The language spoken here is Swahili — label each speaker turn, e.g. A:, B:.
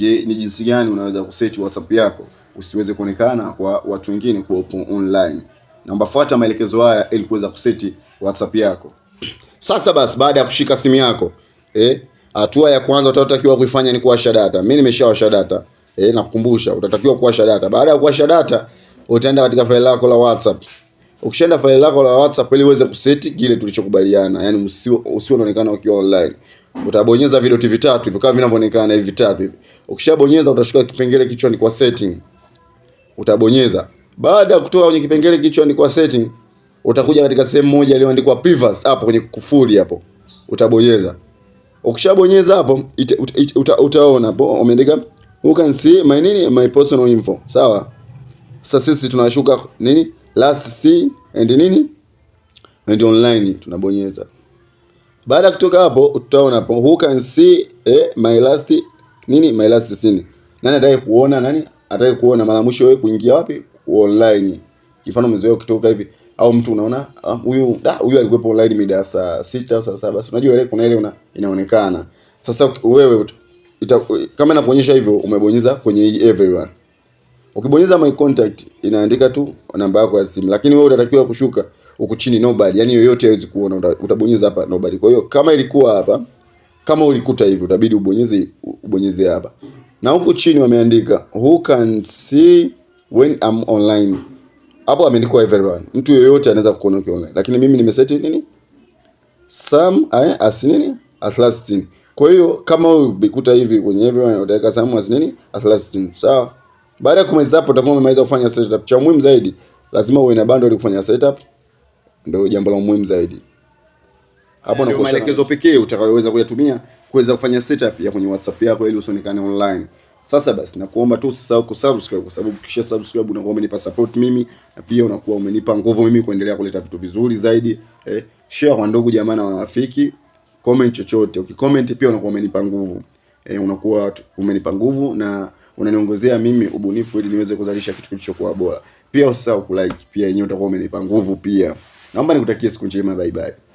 A: Je, ni jinsi gani unaweza kusearch WhatsApp yako usiweze kuonekana kwa watu wengine kwa upo online? Naomba fuata maelekezo haya ili kuweza kuseti WhatsApp yako. Sasa basi, baada ya kushika simu yako eh, hatua ya kwanza utatakiwa kuifanya ni kuwasha data. Mimi nimeshawasha data eh, nakukumbusha utatakiwa kuwasha data. Baada ya kuwasha data, utaenda katika faili lako la WhatsApp. Ukishaenda faili lako la WhatsApp ili uweze kuseti kile tulichokubaliana, yani usiwe unaonekana ukiwa online utabonyeza vidoti vitatu hivyo kama vinavyoonekana hivi vitatu hivi. Ukishabonyeza utashuka kipengele kichwani kwa setting, utabonyeza. Baada ya kutoka kwenye kipengele kichwani kwa setting, utakuja katika sehemu moja iliyoandikwa privacy hapo kwenye kufuli hapo utabonyeza. Ukishabonyeza hapo ita, uta, uta, utaona hapo umeandika you can see my nini my personal info, sawa. Sasa sisi tunashuka nini last see and nini and online tunabonyeza. Baada ya kutoka hapo utaona hapo who can see eh, my last nini my last scene. Nani atakaye kuona nani atakaye kuona mara mwisho wewe kuingia wapi online. Kifano mzee kutoka hivi au mtu unaona ah, huyu uh, da huyu alikuwepo online mida saa sita au saa saba. Basi unajua ile kuna ile una inaonekana. Sasa wewe ita, kama nakuonyesha hivyo umebonyeza kwenye everyone. Ukibonyeza my contact inaandika tu namba yako ya simu, lakini wewe utatakiwa kushuka huku chini nobody, yani yoyote hawezi kuona, utabonyeza hapa nobody. Kwa hiyo kama ilikuwa hapa, kama ulikuta hivi, utabidi ubonyeze ubonyeze hapa, na huku chini wameandika who can see when I'm online. Hapo ameandikwa everyone, mtu yoyote anaweza kukuona ukiwa online, lakini mimi nimeseti nini some eh, as nini as last in. Kwa hiyo kama ubikuta hivi kwenye everyone utaweka some as nini as last in, sawa. Baada ya kumaliza hapo, utakuwa umemaliza kufanya setup. Cha muhimu zaidi, lazima uwe na bundle ili kufanya setup ndio jambo la muhimu zaidi. Hapo ndio maelekezo pekee utakayoweza kuyatumia kuweza kufanya setup ya kwenye WhatsApp yako ili usionekane online. Sasa basi nakuomba tu usisahau kusubscribe kwa sababu ukisha subscribe unakuwa umenipa support mimi na pia unakuwa umenipa nguvu mimi kuendelea kuleta vitu vizuri zaidi. Eh, share kwa ndugu jamaa na marafiki, comment chochote. Ukicomment pia unakuwa umenipa nguvu. Eh, unakuwa umenipa nguvu na unaniongezea mimi ubunifu ili niweze kuzalisha kitu kilichokuwa bora. Pia usisahau kulike, pia yenyewe utakuwa umenipa nguvu pia. Naomba nikutakie siku njema, bye bye.